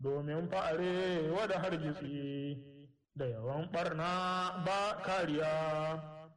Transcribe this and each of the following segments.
domin fa'are wada hargitsi da yawan ɓarna ba kariya.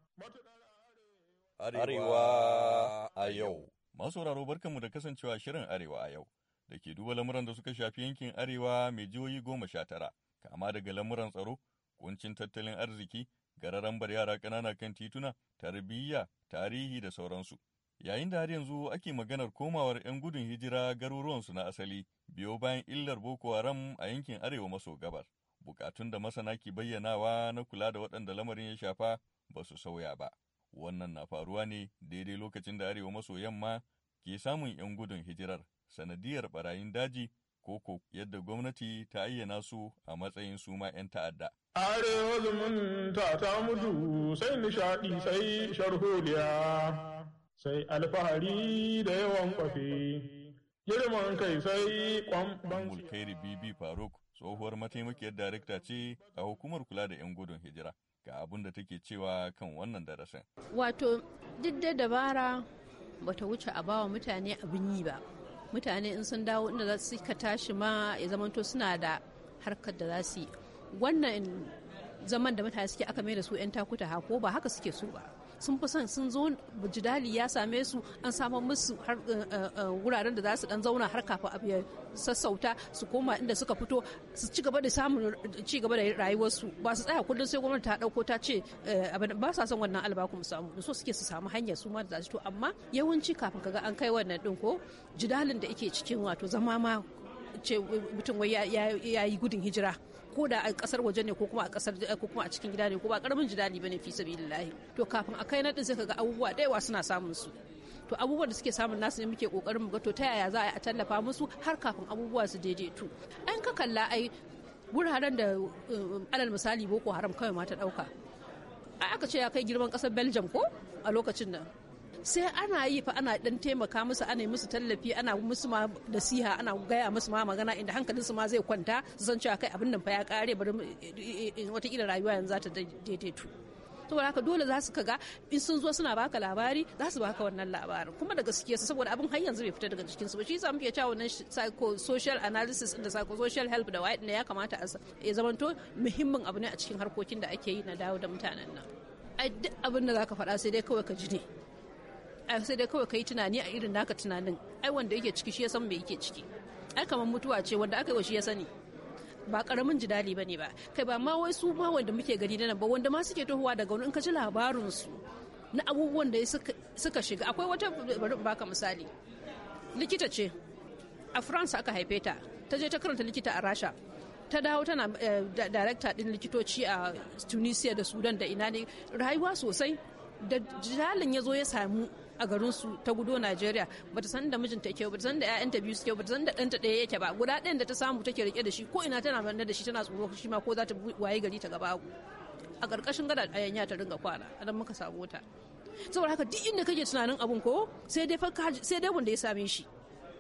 Arewa a yau masu Masauraro barkanmu da kasancewa shirin Arewa a yau da ke duba lamuran da suka shafi yankin Arewa mai jihohi goma sha tara, kama daga lamuran tsaro, kuncin tattalin arziki, gararan bar yara ƙanana kan tituna, tarbiyya, tarihi da sauransu. yayin da har yanzu ake maganar komawar 'yan gudun hijira garuruwansu na asali biyo bayan illar boko haram a yankin arewa maso gabar bukatun da masana ke bayyanawa na kula da waɗanda lamarin ya shafa ba su sauya ba wannan na faruwa ne daidai lokacin da arewa maso yamma ke samun 'yan gudun hijirar sanadiyar barayin daji ko ko yadda gwamnati ta ayyana su a matsayin suma 'yan ta'adda arewa zumunta ta mutu sai nishaɗi sai sharholiya sai alfahari da yawan kwafi, girman kai sai kwamban Mulkairi Bibi Faruk tsohuwar mataimakiyar darakta ce a hukumar kula da 'yan gudun hijira. Ga abin da take cewa kan wannan darasin. Wato, duk da dabara bata wuce a bawa mutane abin yi ba. Mutane in sun dawo inda za su ka tashi ma ya zamanto suna da harkar da za su yi. Wannan zaman da mutane suke aka mai da su 'yan takuta ha ko ba haka suke so ba. sun fi son sun zo jidali ya same su an samu musu har eh, eh, eh, wuraren da za su dan zauna har kafin abu ya sassauta su koma inda suka fito su ci gaba da samun ci gaba da rayuwarsu ba su tsaya kullum sai gwamnati ta dauko ta ce ba sa son wannan albakum samu so suke su samu hanyar su ma da to amma yawanci kafin kaga an kai wannan din ko jidalin da ake cikin wato zama ma ce mutum wai ya yi gudun hijira ko da a kasar waje ne ko kuma a kasar eh, ko kuma a cikin gida ne ko ba karamin jidali bane fi sabilillahi to kafin a kai na din sai kaga abubuwa da yawa suna samun su to abubuwan da suke samun nasu ne muke kokarin mu ga to ta yaya za a a tallafa musu har kafin abubuwa su daidaitu an ka kalla ai wuraren da um, alal misali boko haram kawai ma ta dauka aka ce ya kai girman kasar belgium ko a lokacin nan sai ana yi fa ana dan taimaka musu ana musu tallafi ana musu ma nasiha ana gaya musu ma magana inda hankalin su ma zai kwanta su san cewa kai abin nan fa ya kare bari eh, eh, watakila rayuwa yanzu za ta daidaitu saboda haka dole za su ka ga in sun zo suna baka labari za su baka wannan labarin kuma da gaskiya su saboda abin har yanzu bai fita daga cikin su ba shi zamu muke cewa wannan psycho social analysis da psycho social help da ne ya kamata a ya zamanto muhimmin abu ne a cikin harkokin da ake yi na dawo da mutanen nan a duk abin da zaka faɗa sai dai kawai ka ji ne sai dai kawai ka yi tunani a irin naka tunanin ai wanda yake ciki shi ya san me yake ciki ai kamar mutuwa ce wanda aka yi wa shi ya sani ba karamin jidali ne ba kai ba ma wai su ma wanda muke gani nan ba wanda ma suke tohuwa daga wani in ka ji labarin su na abubuwan da suka shiga akwai wata bari baka misali likita ce a france aka haife ta ta je ta karanta likita a rasha ta dawo tana eh, darakta din likitoci a tunisia da sudan da ina ne rayuwa sosai da jalin ya zo ya samu a garinsu ta gudo Najeriya ba ta san da mijinta yake ba ta san da ƴaƴanta biyu suke ba ta san da ɗanta ɗaya yake ba guda ɗayan da ta samu take rike da shi ko ina tana manne da shi tana tsoro shi ma ko za ta waye gari ta gaba a ƙarƙashin gada yanya ta ringa kwana A dan muka samu ta saboda haka duk inda kake tunanin abun ko sai dai sai dai wanda ya same shi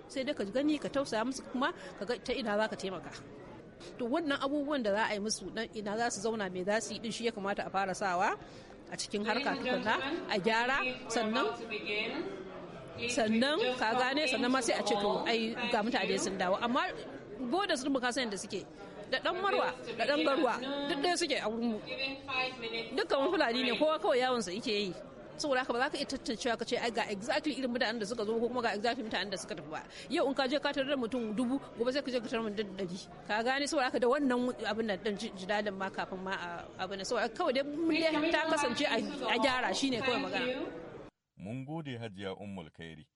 sai dai ka gani ka tausaya musu kuma ka ga ta ina za ka taimaka to wannan abubuwan da za a yi musu ina za su zauna me za su yi din shi ya kamata a fara sawa a cikin harka tukuna a gyara sannan sannan ka gane sannan ma sai a ce to ai ga mutane sun dawo amma bodas din ka san da suke da dan marwa da dan garwa duk ɗaya suke a wurin mu dukkan fulani ne kowa kawai yawon sa yake yi saboda haka ba za ka iya tantancewa ka ce ai ga exactly irin mutanen da suka zo ko kuma ga exactly mutanen da suka tafi ba yau in ka je ka tarar da mutum dubu gobe sai ka je ka tarar da dari ka gane saboda haka da wannan abin da dan jidalin ma kafin ma abin da saboda kawai dai miliyan ta kasance a gyara shine kawai magana mun gode hajiya ummul kairi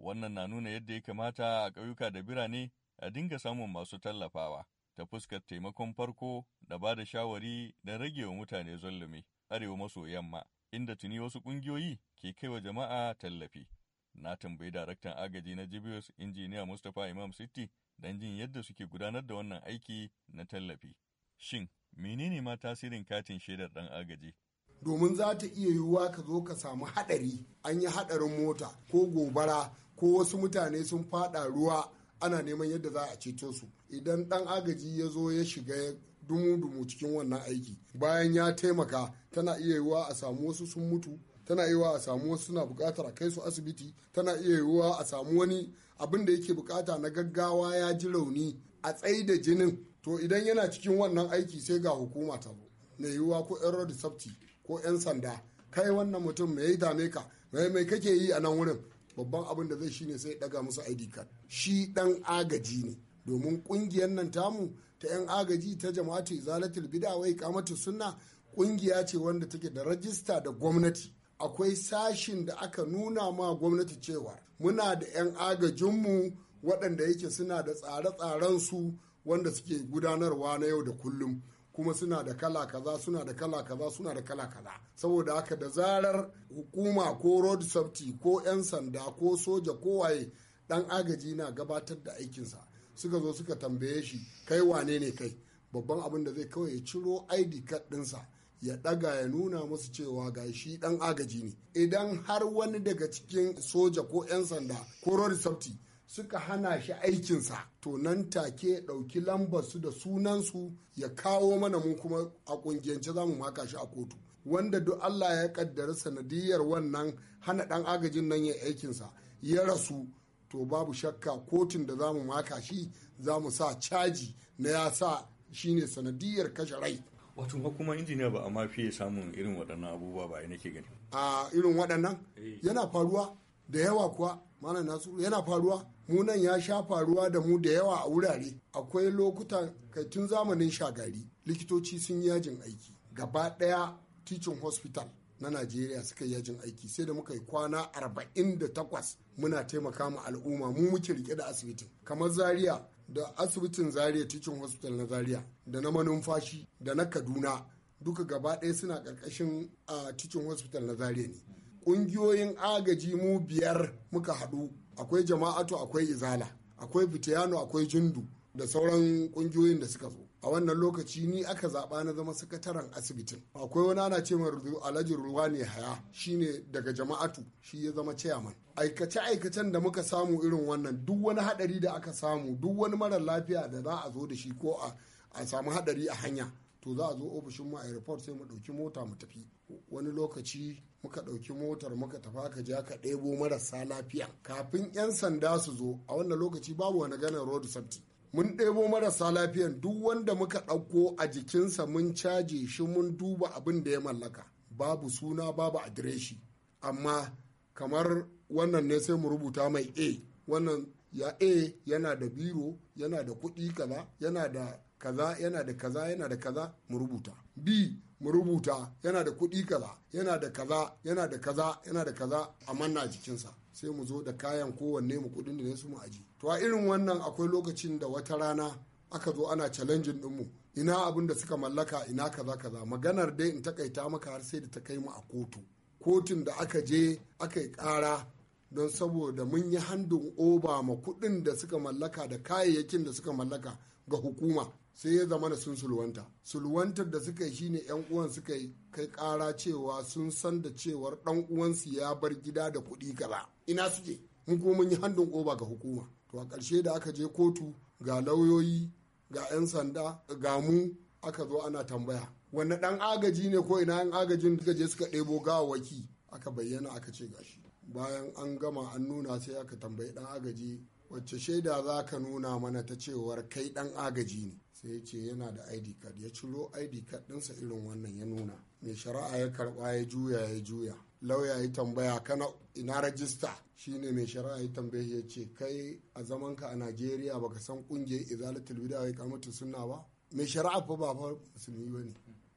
wannan na nuna yadda ya kamata a ƙauyuka da birane a dinga samun masu tallafawa ta fuskar taimakon farko da ba da shawari da rage wa mutane zulumi arewa maso yamma inda tuni wasu ƙungiyoyi ke kaiwa jama'a tallafi. Na tambayi daraktan agaji na Jibius injiniya Mustapha Imam City don jin yadda suke gudanar da wannan aiki na tallafi. Shin, menene ma tasirin katin shaidar ɗan agaji? Domin za ta iya yiwuwa ka zo ka samu haɗari, an yi haɗarin mota ko gobara ko wasu mutane sun faɗa ruwa ana neman yadda za a ceto su. Idan ɗan agaji ya zo ya shiga dumu-dumu cikin wannan aiki bayan ya taimaka tana iya yiwuwa a samu wasu sun mutu tana iya a samu wasu suna bukatar a kai su asibiti tana iya yiwuwa a samu wani abin da yake bukata na gaggawa ya ji rauni a tsayi da jinin to idan yana cikin wannan aiki sai ga hukuma ta zo mai yiwuwa ko yan road safety ko yan sanda kai wannan mutum mai dame ka mai kake yi a nan wurin babban abin da zai shine sai daga musu id card shi dan agaji ne domin kungiyar nan tamu ta 'yan agaji ta jama'atu izalatul bid'a wai kamatu sunna kungiya ce wanda take da rajista da gwamnati akwai sashin da aka nuna ma gwamnati cewa muna da 'yan agajin mu, waɗanda yake suna da tsare tsaren su wanda suke gudanarwa na yau da kullum kuma suna da kala kaza suna da kala kaza suna da kala kala saboda haka da zarar hukuma ko road safety ko 'yan sanda ko soja ko waye dan agaji na gabatar da aikinsa suka zo suka tambaye shi kai wane ne kai babban abin da zai kawai ya ciro id card ɗinsa ya daga ya nuna musu cewa ga shi ɗan agaji ne idan har wani daga cikin soja ko 'yan sanda ko rori suka hana shi aikinsa to nan take ɗauki lambarsu da sunansu ya kawo mana mu kuma a ƙungiyance za mu maka shi a kotu wanda duk Allah ya kaddara sanadiyar wannan hana ɗan agajin nan ya aikinsa ya rasu to babu shakka kotun da zamu maka shi zamu sa caji na ya sa shine sanadiyar kashe rai wato kuma injiniya ba amma fiye samun irin waɗannan abubuwa ba nake gani a irin waɗannan eh. yana faruwa da yawa kuwa mana nasu yana faruwa mu nan ya sha faruwa da mu da yawa a wurare akwai lokuta kai tun zamanin shagari likitoci sun yajin aiki gaba ɗaya teaching hospital na najeriya suka yi yajin aiki sai da muka yi kwana 48 muna taimaka ma al'umma mu muke rike da asibitin kamar zaria da asibitin zaria teaching hospital na zaria da na manumfashi da na kaduna duka gaba ɗaya suna ƙarƙashin a teaching hospital na zaria ne ƙungiyoyin agaji mu biyar muka haɗu akwai jama'atu akwai izala akwai fitiyano akwai jindu da sauran ƙungiyoyin da suka zo a wannan lokaci ni aka zaɓa na zama sakataren asibitin akwai wani ana ce mai alhaji ne haya shine daga jama'atu shi ya zama ciyaman aikace aikacen da muka samu irin wannan duk wani haɗari da aka samu duk wani marar lafiya da za a zo da shi ko a samu haɗari a hanya to za a zo ofishin mu a airport sai mu ɗauki mota mu tafi wani lokaci muka ɗauki motar muka tafa ka ja ka ɗebo marasa lafiya kafin 'yan sanda su zo a wannan lokaci babu wani ganin road safety mun ɗebo marasa lafiyan duk wanda muka ɗauko a jikinsa mun caje shi mun duba abin da ya mallaka babu suna babu adireshi amma kamar wannan ne sai mu rubuta mai a wannan ya a yana da biro yana da kuɗi kaza yana da kaza yana da kaza yana da kaza mu rubuta b mu rubuta yana da kuɗi kaza yana da kaza yana da kaza yana da kaza a manna jikinsa sai mu zo da kayan kowanne mu kudin da su mu aji to a irin wannan akwai lokacin da wata rana aka zo ana challenging dinmu ina abin da suka mallaka ina kaza kaza maganar dai in takaita maka har sai da ta kai mu a kotu kotun da aka je aka yi kara don saboda mun yi handin oba ma kudin da suka mallaka da kayayyakin da suka mallaka ga hukuma sai ya zama da sun sulwanta sulwantar da suka yi shine yan uwan suka yi kai kara cewa sun san da cewar dan uwansu ya bar gida da kuɗi kaza ina suke mun kuma mun yi handin koba ga hukuma to a ƙarshe da aka je kotu ga lauyoyi ga 'yan sanda ga mu aka zo ana tambaya wanne dan agaji ne ko ina yan agajin suka je suka ɗebo gawawaki aka bayyana aka ce gashi bayan an gama an nuna sai aka tambayi dan agaji wacce shaida za ka nuna mana ta cewar kai dan agaji ne sai ya ce yana da id card ya ciro id card ɗinsa irin wannan ya nuna mai shari'a ya karba ya juya ya juya lauya ya tambaya kana ina rajista shine mai shari'a ya tambaye ya ce kai a zamanka a najeriya baka san kungiyar izalatul bid'a wai kamata sunna ba mai shari'a fa ba fa musulmi bane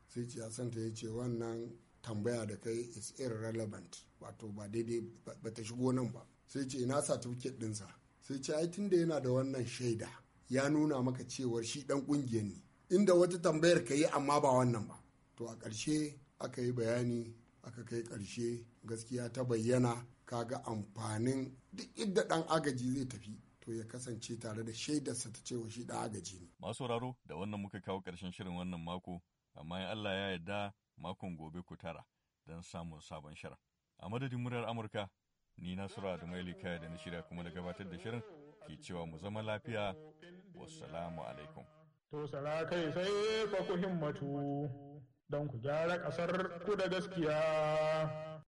sai ce ya san ya ce wannan tambaya da kai is irrelevant wato ba daidai ba ta shigo nan ba sai ce ina certificate dinsa sai ce ai tunda yana da wannan shaida ya nuna maka cewar shi dan kungiyar ne inda wata tambayar ka yi amma ba wannan ba to a ƙarshe aka yi bayani aka kai ƙarshe gaskiya ta bayyana kaga amfanin duk inda dan agaji zai tafi to ya kasance tare da shaidarsa ta cewa shi dan agaji ne. Masu sauraro da wannan muka kawo ƙarshen shirin wannan mako, amma in Allah ya yarda makon gobe ku tara don samun sabon shirin. A madadin muryar Amurka, Ni Nasiru mai kaya da na shirya kuma da gabatar da shirin ke cewa mu zama lafiya. Wassalamu alaikum. To sarakai sai fa ku himmatu don ku gyara ƙasar ku da gaskiya.